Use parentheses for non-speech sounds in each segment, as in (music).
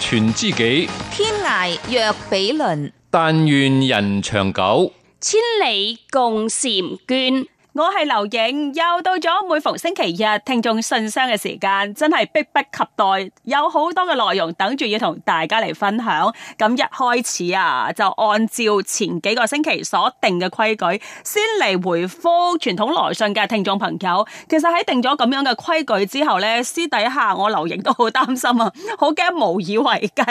存知己，天涯若比鄰。但願人長久，千里共嬋娟。我係劉瑩，又到咗每逢星期日聽眾信箱嘅時間，真係迫不及待，有好多嘅內容等住要同大家嚟分享。咁一開始啊，就按照前幾個星期所定嘅規矩，先嚟回覆傳統來信嘅聽眾朋友。其實喺定咗咁樣嘅規矩之後咧，私底下我劉瑩都好擔心啊，好驚無以為繼。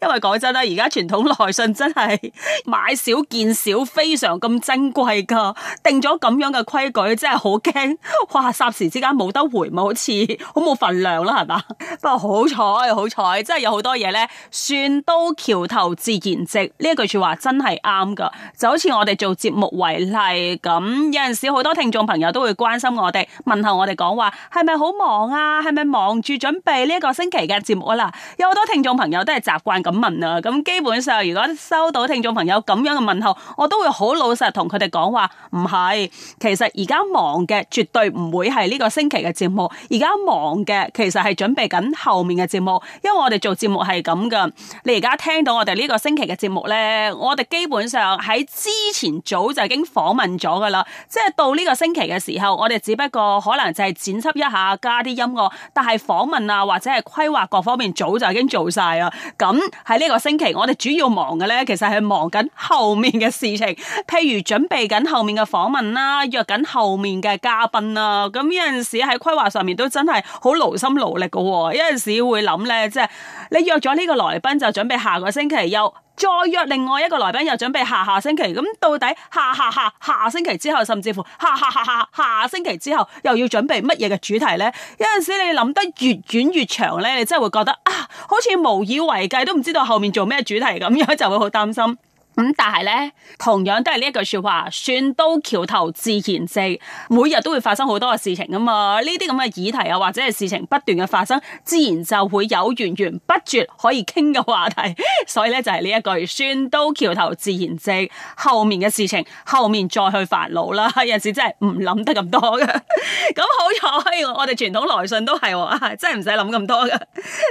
因為講真啦，而家傳統來信真係買少見少，非常咁珍貴噶。定咗咁樣嘅規。句真係好驚，哇！霎時之間冇得回，咪好似好冇份量啦，係嘛？不過好彩，好彩，真係有好多嘢，呢「算到橋頭自然直」呢一句說話真係啱噶。就好似我哋做節目為例，咁有陣時好多聽眾朋友都會關心我哋、問候我哋講話，係咪好忙啊？係咪忙住準備呢一個星期嘅節目啊？嗱，有好多聽眾朋友都係習慣咁問啊。咁基本上，如果收到聽眾朋友咁樣嘅問候，我都會好老實同佢哋講話，唔係，其實。而家忙嘅絕對唔會係呢個星期嘅節目，而家忙嘅其實係準備緊後面嘅節目，因為我哋做節目係咁噶。你而家聽到我哋呢個星期嘅節目咧，我哋基本上喺之前早就已經訪問咗噶啦，即係到呢個星期嘅時候，我哋只不過可能就係剪輯一下，加啲音樂，但係訪問啊或者係規劃各方面早就已經做曬啊，咁喺呢個星期我哋主要忙嘅咧，其實係忙緊後面嘅事情，譬如準備緊後面嘅訪問啦、啊，約緊。後面嘅嘉賓啦，咁呢陣時喺規劃上面都真係好勞心勞力嘅喎。一陣時會諗呢，即係你約咗呢個來賓就準備下個星期，又再約另外一個來賓又準備下下星期。咁到底下下下下星期之後，甚至乎下下下下下星期之後，又要準備乜嘢嘅主題呢？有陣時你諗得越遠越長呢，你真係會覺得啊，好似無以為繼，都唔知道後面做咩主題咁樣，就會好擔心。咁、嗯、但係咧，同樣都係呢一句說話，船到橋頭自然直。每日都會發生好多嘅事情啊嘛，呢啲咁嘅議題啊，或者係事情不斷嘅發生，自然就會有源源不絕可以傾嘅話題。所以咧就係呢一句，船到橋頭自然直。後面嘅事情，後面再去煩惱啦。有陣時真係唔諗得咁多嘅。咁好彩，我哋傳統來信都係，啊，真係唔使諗咁多嘅。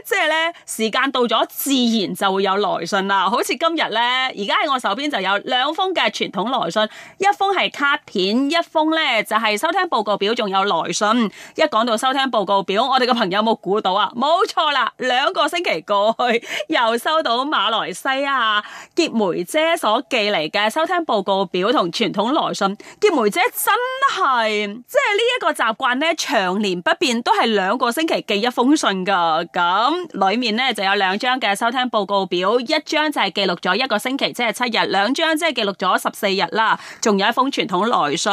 即係咧，時間到咗，自然就會有來信啦。好似今日咧，而家係我。我手邊就有兩封嘅傳統來信，一封係卡片，一封咧就係、是、收聽報告表，仲有來信。一講到收聽報告表，我哋個朋友有冇估到啊？冇錯啦，兩個星期過去又收到馬來西亞潔梅姐所寄嚟嘅收聽報告表同傳統來信。潔梅姐真係即係呢一個習慣咧，長年不變，都係兩個星期寄一封信噶。咁裏面咧就有兩張嘅收聽報告表，一張就係記錄咗一個星期，即係七一日兩張，即係記錄咗十四日啦。仲有一封傳統來信。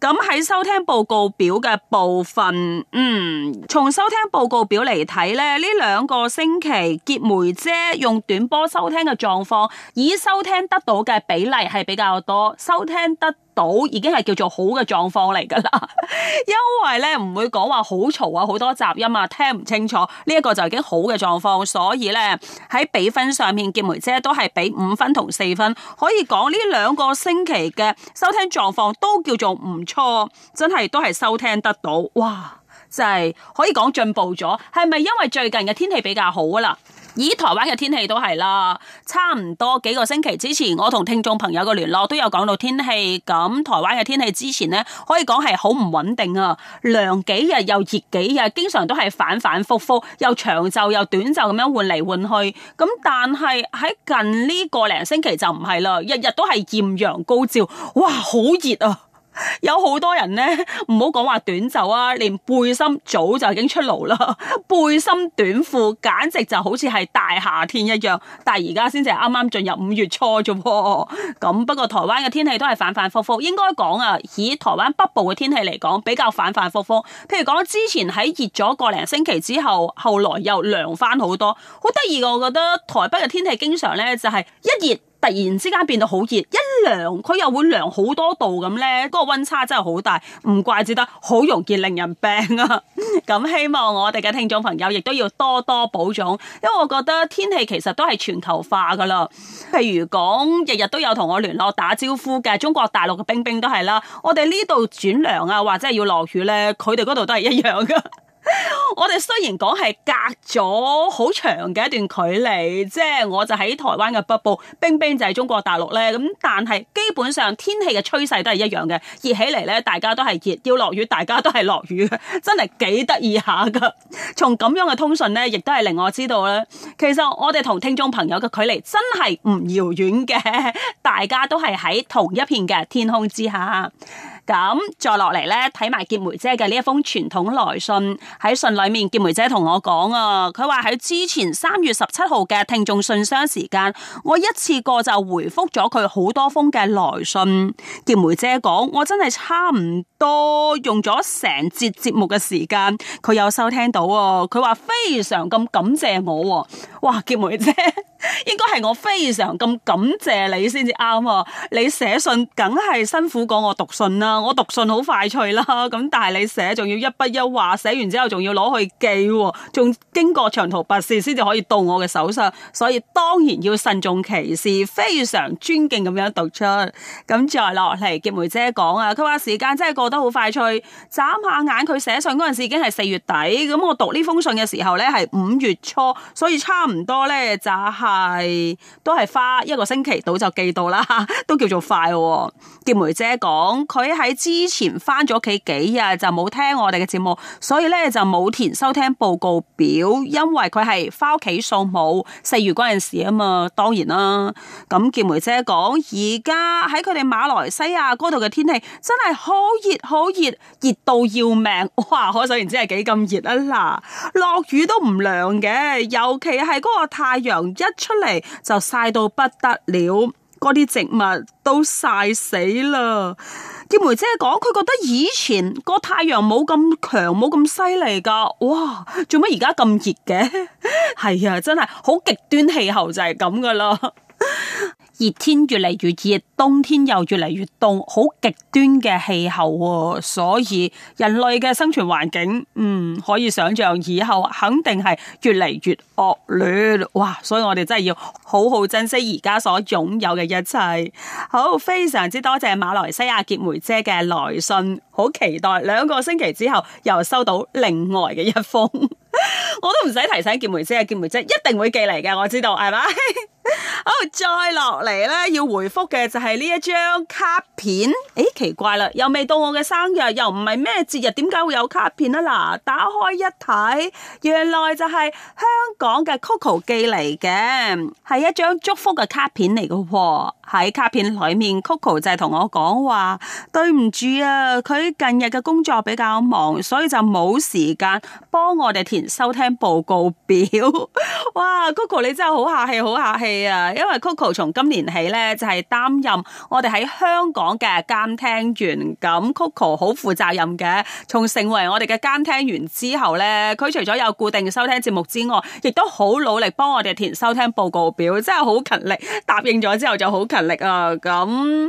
咁喺收聽報告表嘅部分，嗯，從收聽報告表嚟睇咧，呢兩個星期結梅姐用短波收聽嘅狀況，以收聽得到嘅比例係比較多，收聽得到已經係叫做好嘅狀況嚟㗎啦，因為咧唔會講話好嘈啊，好多雜音啊，聽唔清楚呢一、這個就已經好嘅狀況，所以咧喺比分上面，劍梅姐都係俾五分同四分，可以講呢兩個星期嘅收聽狀況都叫做唔錯，真係都係收聽得到，哇！真、就、係、是、可以講進步咗，係咪因為最近嘅天氣比較好啊啦？咦，台灣嘅天氣都係啦，差唔多幾個星期之前，我同聽眾朋友嘅聯絡都有講到天氣。咁台灣嘅天氣之前呢，可以講係好唔穩定啊，涼幾日又熱幾日，經常都係反反复复，又長袖又短袖咁樣換嚟換去。咁但係喺近呢個零星期就唔係啦，日日都係艷陽高照，哇，好熱啊！有好多人呢，唔好講話短袖啊，連背心早就已經出爐啦。背心短褲簡直就好似係大夏天一樣，但係而家先至啱啱進入五月初啫噃。咁不過台灣嘅天氣都係反反復復，應該講啊，以台灣北部嘅天氣嚟講，比較反反復復。譬如講之前喺熱咗個零星期之後，後來又涼翻好多，好得意㗎。我覺得台北嘅天氣經常呢，就係、是、一熱突然之間變到好熱一。涼佢又會涼好多度咁呢。嗰個溫差真係好大，唔怪之得好容易令人病啊！咁 (laughs) 希望我哋嘅聽眾朋友亦都要多多保重，因為我覺得天氣其實都係全球化噶啦。譬如講日日都有同我聯絡打招呼嘅中國大陸嘅冰冰都係啦，我哋呢度轉涼啊，或者係要落雨呢，佢哋嗰度都係一樣噶。 (laughs) 我哋雖然講係隔咗好長嘅一段距離，即係我就喺台灣嘅北部，冰冰就係中國大陸咧。咁但係基本上天氣嘅趨勢都係一樣嘅，熱起嚟咧，大家都係熱；要落雨，大家都係落雨嘅。真係幾得意下噶！從咁樣嘅通訊咧，亦都係令我知道咧，其實我哋同聽眾朋友嘅距離真係唔遙遠嘅，大家都係喺同一片嘅天空之下。咁再落嚟呢，睇埋潔梅姐嘅呢一封傳統來信。喺信裏面，潔梅姐同我講啊，佢話喺之前三月十七號嘅聽眾信箱時間，我一次過就回覆咗佢好多封嘅來信。潔梅姐講，我真係差唔多用咗成節節目嘅時間，佢有收聽到。佢話非常咁感謝我。哇，潔梅姐！應該係我非常咁感謝你先至啱啊！你寫信梗係辛苦過我讀信啦，我讀信好快脆啦。咁但係你寫仲要一筆一畫，寫完之後仲要攞去寄，仲經過長途跋涉先至可以到我嘅手上。所以當然要慎重其事，非常尊敬咁樣讀出。咁再落嚟，杰梅姐講啊，佢話時間真係過得好快脆，眨下眼佢寫信嗰陣時已經係四月底，咁我讀呢封信嘅時候呢係五月初，所以差唔多呢。就係係都係花一個星期到就寄到啦，都叫做快啊。潔梅姐講，佢喺之前翻咗屋企幾日就冇聽我哋嘅節目，所以咧就冇填收聽報告表，因為佢係翻屋企掃墓四月嗰陣時啊嘛，當然啦啊。咁潔梅姐講，而家喺佢哋馬來西亞嗰度嘅天氣真係好熱好熱，熱到要命。哇，可想而知係幾咁熱啊嗱，落雨都唔涼嘅，尤其係嗰個太陽一出嚟就曬到不得了，嗰啲植物都曬死啦。叫梅姐講，佢覺得以前個太陽冇咁強，冇咁犀利噶。哇，做乜而家咁熱嘅？係 (laughs) 啊，真係好極端氣候就係咁噶啦。 (laughs) 熱天越嚟越熱，冬天又越嚟越凍，好極端嘅氣候喎、哦。所以人類嘅生存環境，嗯，可以想象以後肯定係越嚟越惡劣。哇！所以我哋真係要好好珍惜而家所擁有嘅一切。好，非常之多謝馬來西亞潔梅姐嘅來信，好期待兩個星期之後又收到另外嘅一封。 (laughs) 我都唔使提醒潔梅姐，潔梅姐一定會寄嚟嘅，我知道係咪？ (laughs) 好，再落嚟呢，要回覆嘅就係呢一張卡片。誒、欸，奇怪啦，又未到我嘅生日，又唔係咩節日，點解會有卡片啊？嗱，打開一睇，原來就係香港嘅 Coco 寄嚟嘅，係一張祝福嘅卡片嚟嘅。喺卡片裏面，Coco 就係同我講話：對唔住啊，佢近日嘅工作比較忙，所以就冇時間幫我哋填收聽報告表。哇，Coco 你真係好客氣，好客氣。啊，因為 Coco 從今年起咧就係、是、擔任我哋喺香港嘅監聽員，咁 Coco 好負責任嘅。從成為我哋嘅監聽員之後咧，佢除咗有固定收聽節目之外，亦都好努力幫我哋填收聽報告表，真係好勤力。答應咗之後就好勤力啊。咁、嗯、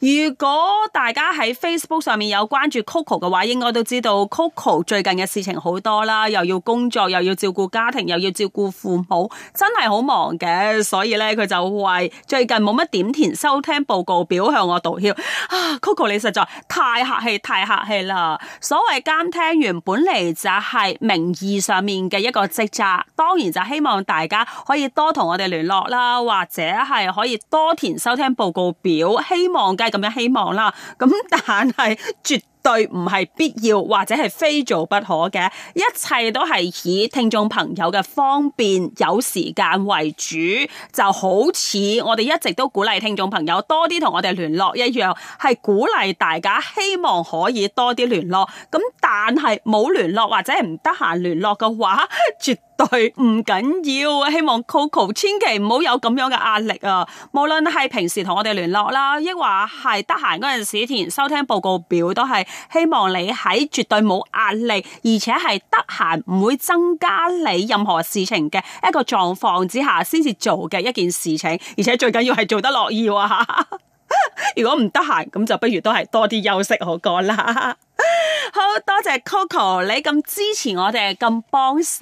如果大家喺 Facebook 上面有關注 Coco 嘅話，應該都知道 Coco 最近嘅事情好多啦，又要工作，又要照顧家庭，又要照顧父母，真係好忙嘅。所以咧，佢就為最近冇乜點填收聽報告表向我道歉啊！Coco 你實在太客氣，太客氣啦！所謂監聽員本嚟就係名義上面嘅一個職責，當然就希望大家可以多同我哋聯絡啦，或者係可以多填收聽報告表，希望梗係咁樣希望啦。咁但係絕。對唔係必要或者係非做不可嘅，一切都係以聽眾朋友嘅方便、有時間為主。就好似我哋一直都鼓勵聽眾朋友多啲同我哋聯絡一樣，係鼓勵大家，希望可以多啲聯絡。咁但係冇聯絡或者唔得閒聯絡嘅話，絕對。對，唔緊要，希望 Coco 千祈唔好有咁樣嘅壓力啊！無論係平時同我哋聯絡啦，亦或係得閒嗰陣時填收聽報告表，都係希望你喺絕對冇壓力，而且係得閒唔會增加你任何事情嘅一個狀況之下，先至做嘅一件事情。而且最緊要係做得樂意啊，吓。 (laughs) 如果唔得閒，咁就不如都係多啲休息好過啦。 (laughs) 好多謝 Coco，你咁支持我哋，咁幫手，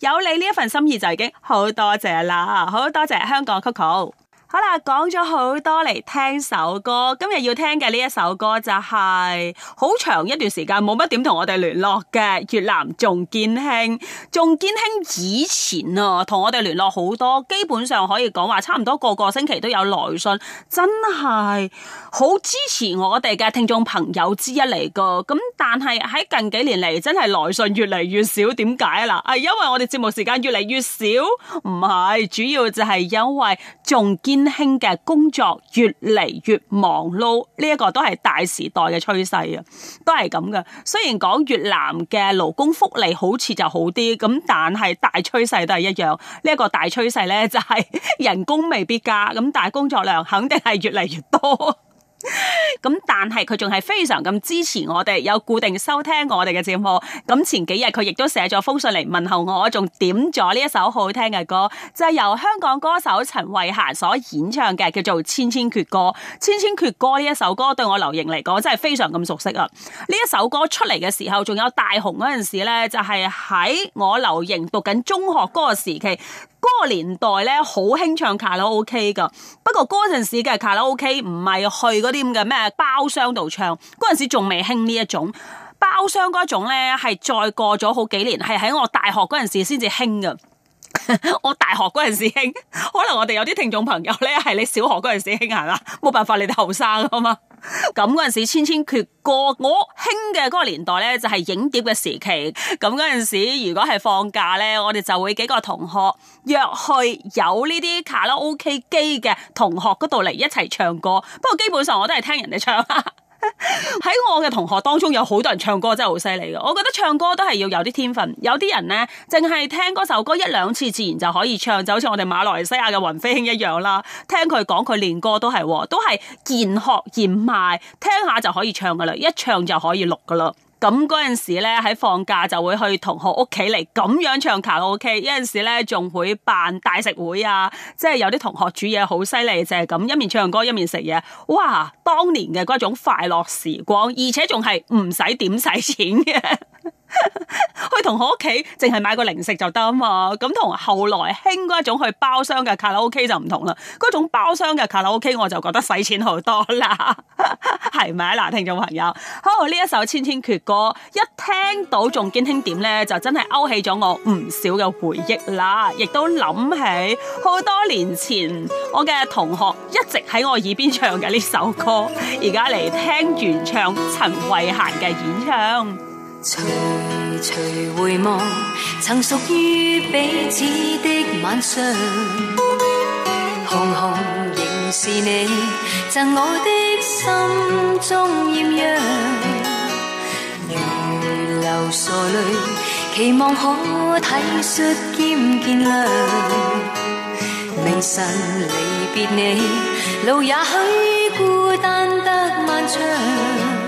有你呢一份心意就已經好多謝啦。好多謝香港 Coco。好啦，講咗好多，嚟聽首歌。今日要聽嘅呢一首歌就係、是、好長一段時間冇乜點同我哋聯絡嘅越南仲建興，仲建興以前啊同我哋聯絡好多，基本上可以講話差唔多個個星期都有來信，真係好支持我哋嘅聽眾朋友之一嚟噶。咁但係喺近幾年嚟，真係來信越嚟越少，點解啊？嗱，因為我哋節目時間越嚟越少，唔係主要就係因為仲建。年輕嘅工作越嚟越忙碌，呢一個都係大時代嘅趨勢啊，都係咁嘅，雖然講越南嘅勞工福利好似就好啲，咁但係大趨勢都係一樣。呢一個大趨勢呢，就係人工未必加，咁但係工作量肯定係越嚟越多。咁 (laughs) 但係佢仲係非常咁支持我哋，有固定收聽我哋嘅節目。咁前幾日佢亦都寫咗封信嚟，問候我，仲點咗呢一首好聽嘅歌，就係由香港歌手陳慧嫻所演唱嘅，叫做《千千闕歌》。《千千闕歌》呢一首歌對我劉瑩嚟講真係非常咁熟悉啊！呢一首歌出嚟嘅時候，仲有大紅嗰陣時呢，就係喺我劉瑩讀緊中學嗰個時期。嗰個年代咧，好興唱卡拉 OK 噶，不過嗰陣時嘅卡拉 OK 唔係去嗰啲咁嘅咩包廂度唱。嗰陣時仲未興呢一種包廂嗰種咧，係再過咗好幾年，係喺我大學嗰陣時先至興噶。 (laughs) 我大學嗰陣時興，可能我哋有啲聽眾朋友咧，係你小學嗰陣時興下喇，冇辦法，你哋後生啊嘛。好咁嗰陣時，千千闕歌我興嘅嗰個年代呢，就係影碟嘅時期。咁嗰陣時，如果係放假呢，我哋就會幾個同學約去有呢啲卡拉 OK 機嘅同學嗰度嚟一齊唱歌。不過基本上我都係聽人哋唱啦 (laughs) 喺 (laughs) 我嘅同學當中，有好多人唱歌真係好犀利嘅。我覺得唱歌都係要有啲天分，有啲人呢淨係聽嗰首歌一兩次，自然就可以唱，就好似我哋馬來西亞嘅雲飛兄一樣啦。聽佢講，佢練歌都係，都係現學現賣，聽下就可以唱噶啦，一唱就可以錄噶啦。咁嗰陣時咧，喺放假就會去同學屋企嚟咁樣唱卡拉 OK，有陣時咧仲會辦大食會啊！即係有啲同學煮嘢好犀利，就係咁一面唱歌一面食嘢。哇！當年嘅嗰種快樂時光，而且仲係唔使點使錢嘅。 (laughs) (laughs) 去同學屋企淨係買個零食就得啊嘛，咁同後來興嗰一種去包廂嘅卡拉 OK 就唔同啦。嗰種包廂嘅卡拉 OK 我就覺得使錢好多啦，係咪嗱？聽眾朋友，好呢一首《千千闕歌》，一聽到仲堅聽點呢？就真係勾起咗我唔少嘅回憶啦，亦都諗起好多年前我嘅同學一直喺我耳邊唱嘅呢首歌。而家嚟聽原唱陳慧嫻嘅演唱。徐徐回望，曾屬於彼此的晚上，紅紅仍是你，贈我的心中艷陽。如流傻淚，期望可體恤兼見諒。明晨離別你，路也許孤單得漫長。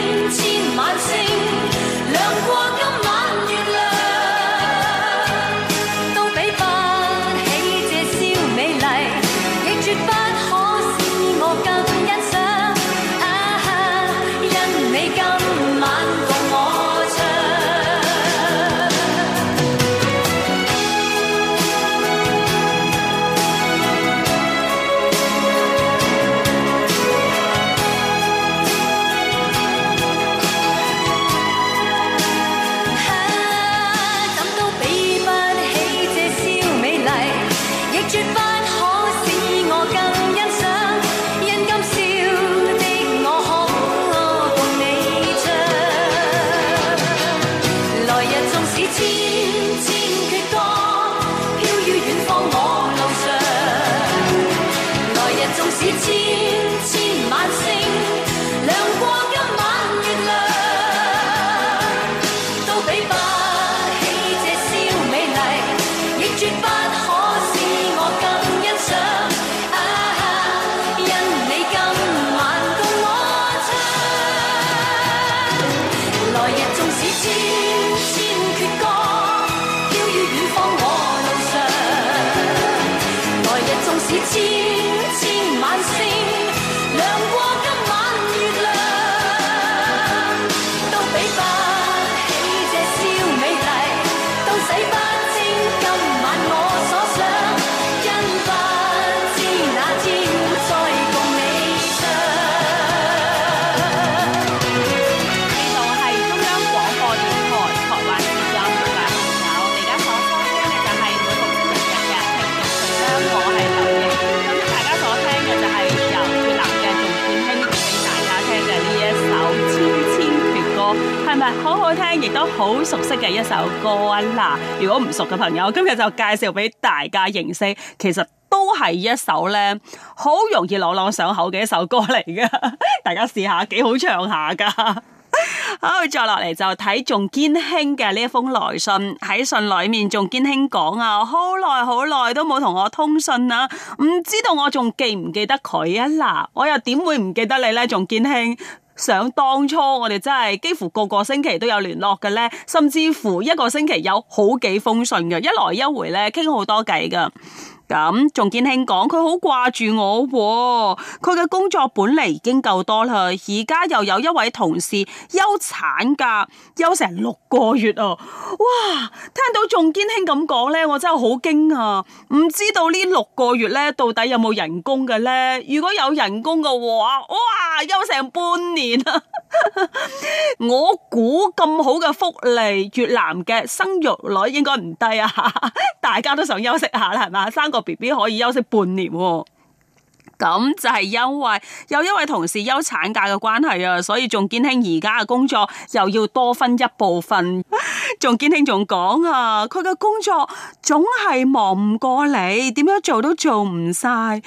都好熟悉嘅一首歌嗱，如果唔熟嘅朋友，今日就介紹俾大家認識。其實都係一首咧好容易朗朗上口嘅一首歌嚟噶，大家試下幾好唱下噶。好，再落嚟就睇仲堅兄嘅呢封來信，喺信裏面仲堅兄講啊，好耐好耐都冇同我通訊啦、啊，唔知道我仲記唔記得佢啊嗱，我又點會唔記得你呢？仲堅兄。想當初我哋真係幾乎個個星期都有聯絡嘅呢，甚至乎一個星期有好幾封信嘅，一來一回呢，傾好多偈噶。咁仲堅兄講佢好掛住我，佢嘅工作本嚟，已經夠多啦，而家又有一位同事休產假，休成六個月啊！哇，聽到仲堅兄咁講咧，我真係好驚啊！唔知道呢六個月咧到底有冇人工嘅咧？如果有人工嘅話，哇，休成半年啊！我估咁好嘅福利，越南嘅生育率應該唔低啊！大家都想休息下啦，係嘛？生個。B B 可以休息半年喎。咁就係因為又因為同事休產假嘅關係啊，所以仲堅兄而家嘅工作又要多分一部分。仲堅兄仲講啊，佢嘅工作總係忙唔過嚟，點樣做都做唔晒。咁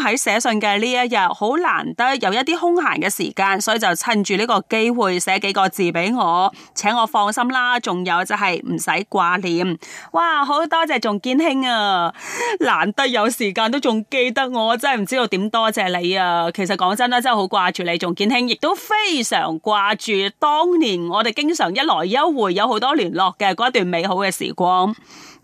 喺寫信嘅呢一日，好難得有一啲空閒嘅時間，所以就趁住呢個機會寫幾個字俾我，請我放心啦。仲有就係唔使掛念。哇，好多謝仲堅兄啊，難得有時間都仲記得我，真係唔知。知道點多謝你啊！其實講真啦，真係好掛住你，仲堅兄亦都非常掛住當年我哋經常一來一回有好多聯絡嘅嗰段美好嘅時光。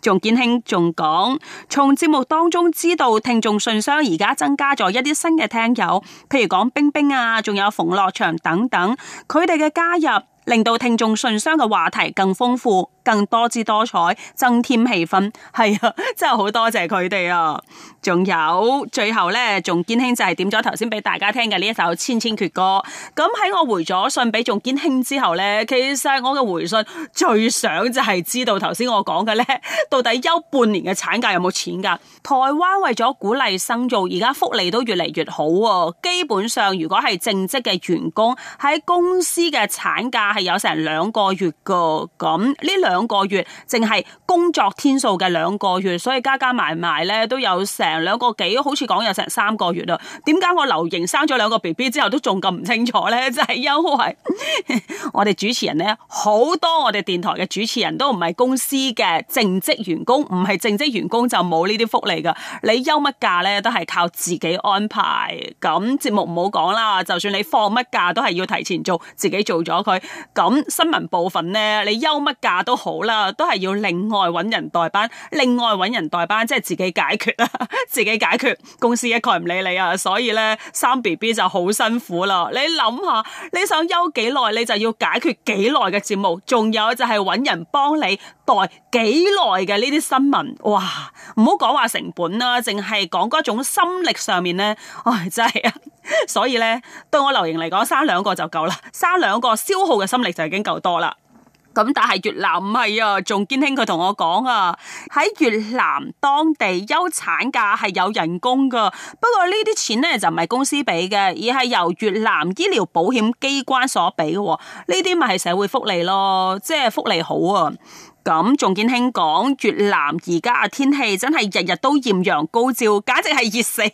仲堅兄仲講，從節目當中知道聽眾信箱而家增加咗一啲新嘅聽友，譬如講冰冰啊，仲有馮樂祥等等，佢哋嘅加入令到聽眾信箱嘅話題更豐富。更多姿多彩，增添氣氛，係啊，真係好多謝佢哋啊！仲有最後咧，仲堅興就係點咗頭先俾大家聽嘅呢一首《千千闕歌》。咁、嗯、喺我回咗信俾仲堅興之後咧，其實我嘅回信最想就係知道頭先我講嘅咧，到底休半年嘅產假有冇錢噶？台灣為咗鼓勵生育，而家福利都越嚟越好、哦、基本上，如果係正職嘅員工喺公司嘅產假係有成兩個月噶，咁、嗯、呢兩。兩個月淨係工作天數嘅兩個月，所以加加埋埋咧都有成兩個幾，好似講有成三個月啦。點解我留營生咗兩個 B B 之後都仲咁唔清楚咧？真係因為 (laughs) 我哋主持人咧，好多我哋電台嘅主持人都唔係公司嘅正職員工，唔係正職員工就冇呢啲福利噶。你休乜假咧，都係靠自己安排。咁節目唔好講啦，就算你放乜假都係要提前做，自己做咗佢。咁新聞部分咧，你休乜假都。好啦，都係要另外揾人代班，另外揾人代班，即係自己解決啦，自己解決，公司一概唔理你啊！所以咧，生 B B 就好辛苦啦。你諗下，你想休幾耐，你就要解決幾耐嘅節目，仲有就係揾人幫你代幾耐嘅呢啲新聞。哇，唔好講話成本啦，淨係講嗰一種心力上面咧，唉、哎，真係啊！所以咧，對我劉瑩嚟講，生兩個就夠啦，生兩個消耗嘅心力就已經夠多啦。咁但係越南唔係啊，仲堅兄佢同我講啊，喺越南當地休產假係有人工噶，不過呢啲錢咧就唔係公司俾嘅，而係由越南醫療保險機關所俾嘅，呢啲咪係社會福利咯，即係福利好啊。咁仲堅兄講，越南而家啊天氣真係日日都豔陽高照，簡直係熱死人！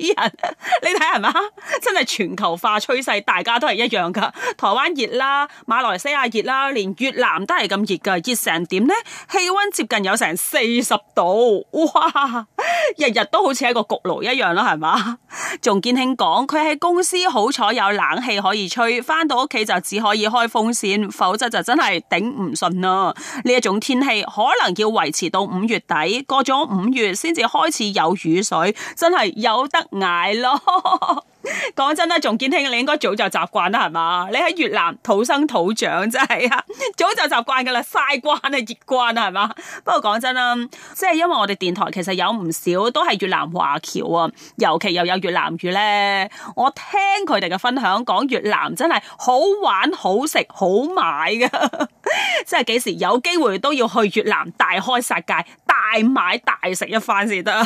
你睇係嘛，真係全球化趨勢，大家都係一樣噶。台灣熱啦，馬來西亞熱啦，連越南都係咁熱噶，熱成點咧？氣溫接近有成四十度，哇！日日都好似一個焗爐一樣啦，係嘛？仲堅兄講佢喺公司好彩有冷氣可以吹，返到屋企就只可以開風扇，否則就真係頂唔順啦呢一種天氣。可能要維持到五月底，過咗五月先至開始有雨水，真係有得捱咯。 (laughs) 講真啦，仲堅兄，你應該早就習慣啦，係嘛？你喺越南土生土長，真係啊，早就習慣噶啦，曬慣啊，熱慣啊，係嘛？不過講真啦，即係因為我哋電台其實有唔少都係越南華僑啊，尤其又有越南語咧，我聽佢哋嘅分享，講越南真係好玩、好食、好買噶， (laughs) 即係幾時有機會都要去越南大開殺戒、大買大食一番先得。 (laughs)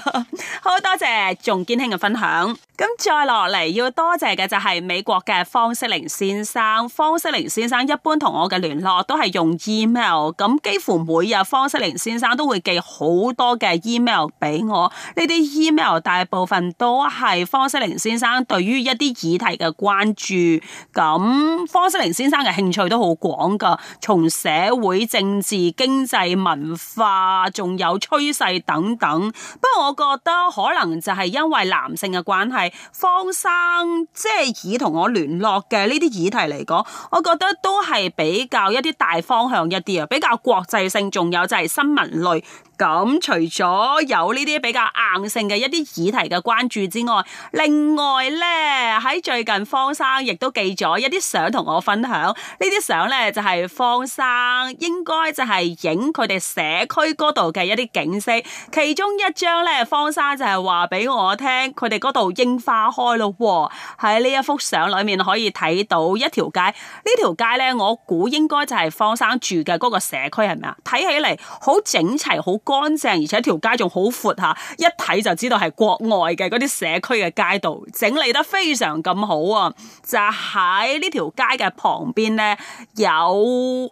好多謝仲堅兄嘅分享，咁再落嚟。要多謝嘅就係美國嘅方世靈先生，方世靈先生一般同我嘅聯絡都係用 email，咁幾乎每日方世靈先生都會寄好多嘅 email 俾我，呢啲 email 大部分都係方世靈先生對於一啲議題嘅關注，咁方世靈先生嘅興趣都好廣噶，從社會、政治、經濟、文化，仲有趨勢等等。不過我覺得可能就係因為男性嘅關係，方生。嗯，即係以同我聯絡嘅呢啲議題嚟講，我覺得都係比較一啲大方向一啲啊，比較國際性，仲有就係新聞類。咁、嗯、除咗有呢啲比較硬性嘅一啲議題嘅關注之外，另外咧，喺最近方生亦都寄咗一啲相同我分享。呢啲相咧就係、是、方生應該就係影佢哋社區嗰度嘅一啲景色。其中一張咧，方生就係話俾我聽佢哋嗰度櫻花開咯。喺呢一幅相裏面可以睇到一條街，街，呢條街咧，我估應該就係方生住嘅個社區係咪啊？睇起嚟好整齊，好、乾淨，而且條街仲好闊吓，一睇就知道係國外嘅啲社區嘅街道，整理得非常咁好啊！就喺呢條街嘅旁邊咧，有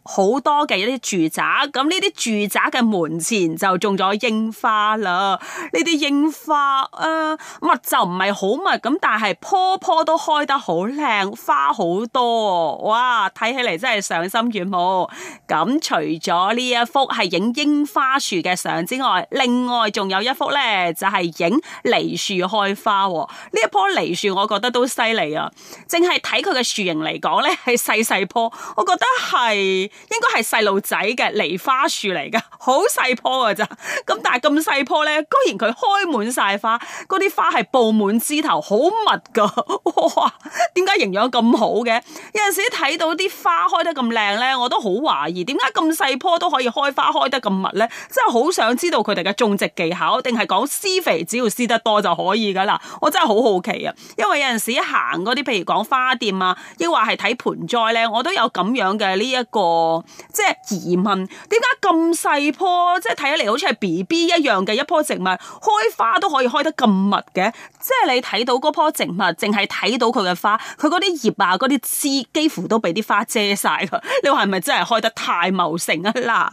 好多嘅一啲住宅，咁呢啲住宅嘅門前就種咗櫻花啦。呢啲櫻花啊，就密就唔係好密咁，但係棵棵都開得好靚，花好多、啊，哇！睇起嚟真係賞心悅目。咁除咗呢一幅係影櫻花樹嘅。之外，另外仲有一幅咧，就係、是、影梨樹開花哦。呢一棵梨樹，我覺得都犀利啊！淨係睇佢嘅樹形嚟講咧，係細細棵，我覺得係應該係細路仔嘅梨花樹嚟噶，好細棵噶咋？咁但係咁細棵咧，居然佢開滿晒花，嗰啲花係布滿枝頭，好密噶。哇！點解營養咁好嘅？有陣時睇到啲花開得咁靚咧，我都好懷疑，點解咁細棵都可以開花開得咁密咧？真係好。想知道佢哋嘅種植技巧，定係講施肥，只要施得多就可以噶啦？我真係好好奇啊！因為有陣時行啲，譬如講花店啊，抑或係睇盆栽咧，我都有咁樣嘅呢一個即係疑問：點解咁細棵，即係睇起嚟好似係 BB 一樣嘅一棵植物，開花都可以開得咁密嘅？即係你睇到棵植物，淨係睇到佢嘅花，佢啲葉啊，啲枝幾乎都俾啲花遮晒，你話係咪真係開得太茂盛啊啦？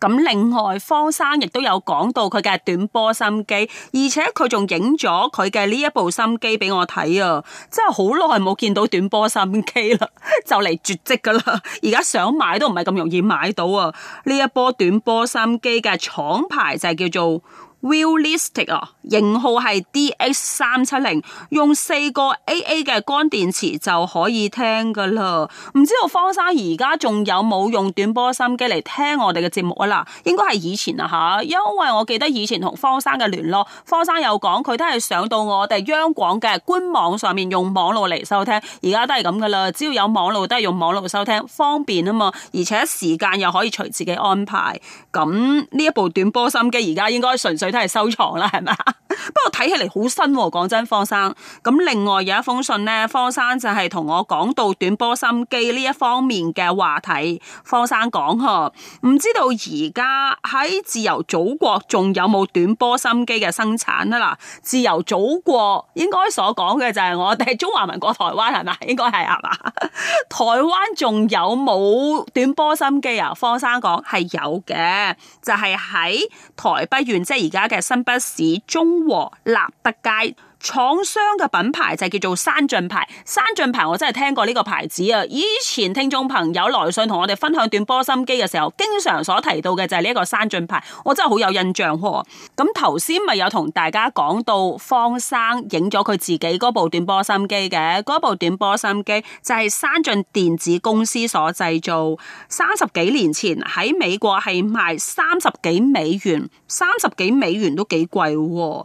咁 (laughs) 另外，方生。亦都有講到佢嘅短波心機，而且佢仲影咗佢嘅呢一部心機俾我睇啊！真係好耐冇見到短波心機啦， (laughs) 就嚟絕迹噶啦！而家想買都唔係咁容易買到啊！呢一波短波心機嘅廠牌就係叫做。Realistic 啊，Real istic, 型號係 D X 三七零，用四個 A A 嘅乾電池就可以聽噶啦。唔知道方生而家仲有冇用短波收音機嚟聽我哋嘅節目啊？嗱，應該係以前啊吓，因為我記得以前同方生嘅聯絡，方生有講佢都係上到我哋央廣嘅官網上面用網絡嚟收聽，而家都係咁噶啦，只要有網絡都係用網絡收聽，方便啊嘛，而且時間又可以隨自己安排。咁呢一部短波收音機而家應該純粹。佢都係收藏啦，係咪？ (laughs) 不過睇起嚟好新喎、啊。講真，方生。咁另外有一封信呢，方生就係同我講到短波心機呢一方面嘅話題。方生講嗬，唔知道而家喺自由祖國仲有冇短波心機嘅生產啊？嗱，自由祖國應該所講嘅就係我哋中華民國台灣係咪？應該係係嘛？ (laughs) 台灣仲有冇短波心機啊？方生講係有嘅，就係、是、喺台北縣，即係而。家嘅新北市中和立德街。廠商嘅品牌就叫做山進牌，山進牌我真係聽過呢個牌子啊！以前聽眾朋友來信同我哋分享短波心機嘅時候，經常所提到嘅就係呢一個山進牌，我真係好有印象喎、啊。咁頭先咪有同大家講到方生影咗佢自己嗰部短波心機嘅，嗰部短波心機就係山進電子公司所製造，三十幾年前喺美國係賣三十幾美元，三十幾美元都幾貴喎。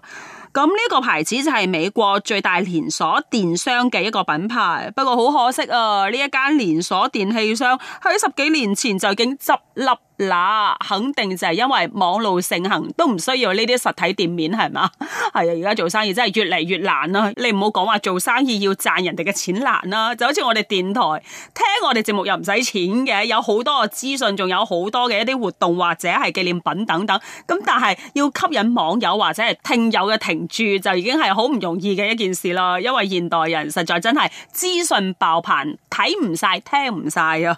咁呢個牌子就係美國最大連鎖電商嘅一個品牌，不過好可惜啊，呢一間連鎖電器商喺十幾年前就已經執笠。嗱，肯定就係因為網路盛行，都唔需要呢啲實體店面，係嘛？係啊，而家做生意真係越嚟越難啦。你唔好講話做生意要賺人哋嘅錢難啦，就好似我哋電台聽我哋節目又唔使錢嘅，有好多資訊，仲有好多嘅一啲活動或者係紀念品等等。咁但係要吸引網友或者係聽友嘅停駐，就已經係好唔容易嘅一件事啦。因為現代人實在真係資訊爆棚，睇唔晒，聽唔晒啊！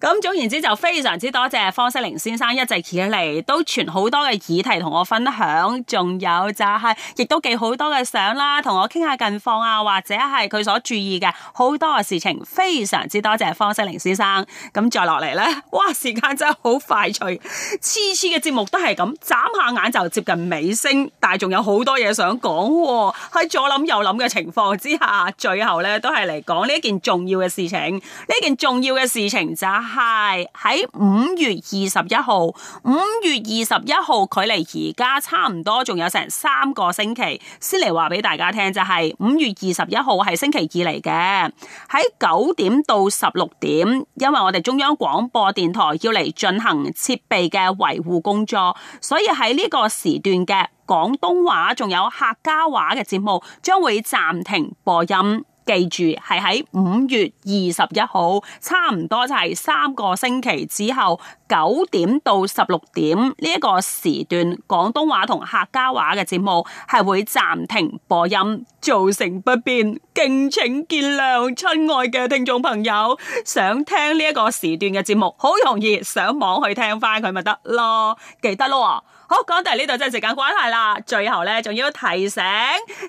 咁 (laughs) 總言之，就非常之多謝。方式玲先生一直以嚟，都傳好多嘅議題同我分享，仲有就係亦都寄好多嘅相啦，同我傾下近況啊，或者係佢所注意嘅好多嘅事情，非常之多謝方式玲先生。咁再落嚟咧，哇，時間真係好快脆，次次嘅節目都係咁，眨下眼就接近尾聲，但係仲有好多嘢想講喺、哦、左諗右諗嘅情況之下，最後咧都係嚟講呢一件重要嘅事情，呢件重要嘅事情就係喺五月。二十一號，五月二十一號，距離而家差唔多，仲有成三個星期先。嚟話俾大家聽就係、是、五月二十一號係星期二嚟嘅。喺九點到十六點，因為我哋中央廣播電台要嚟進行設備嘅維護工作，所以喺呢個時段嘅廣東話仲有客家話嘅節目將會暫停播音。記住係喺五月二十一號，差唔多就係三個星期之後九點到十六點呢一個時段，廣東話同客家話嘅節目係會暫停播音，造成不便，敬請見諒。親愛嘅聽眾朋友，想聽呢一個時段嘅節目，好容易上網去聽翻佢咪得咯，記得咯。好，講、oh, 到呢度真係時間關係啦。最後呢，仲要提醒，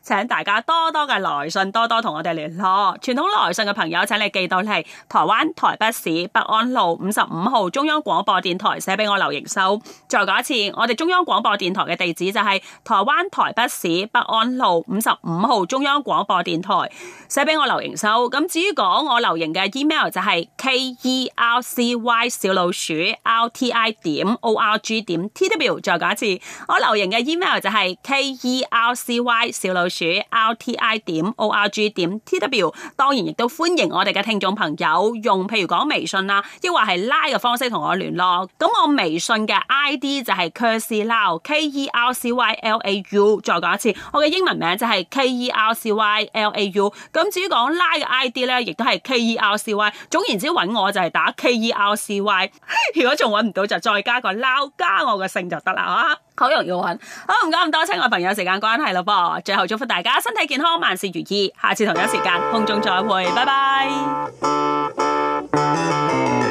請大家多多嘅來信，多多同我哋聯絡。傳統來信嘅朋友，請你記到你係台灣台北市北安路五十五號中央廣播電台寫俾我留言收。再講一次，我哋中央廣播電台嘅地址就係台灣台北市北安路五十五號中央廣播電台寫俾我留言收。咁至於講我留言嘅 email 就係 k e r c y 小老鼠 r t i 點 o r g 點 t w。再講。次我留言嘅 email 就係 k e r c y 小老鼠 l t i 點 o r g 點 t w 當然亦都歡迎我哋嘅聽眾朋友用譬如講微信啦，亦或係拉嘅方式同我聯絡。咁我微信嘅 id 就係 k e r c y l a u。再講一次，我嘅英文名就係 k e r c y l a u。咁至於講拉嘅 id 咧，亦都係 k e r c y。總言之，搵我就係打 k e r c y。如果仲搵唔到，就再加個 l a u，加我個姓就得啦。啊、好容易好痕，好唔該咁多，親愛朋友時間關係咯噃，最後祝福大家身體健康，萬事如意，下次同一時間空中再會，拜拜。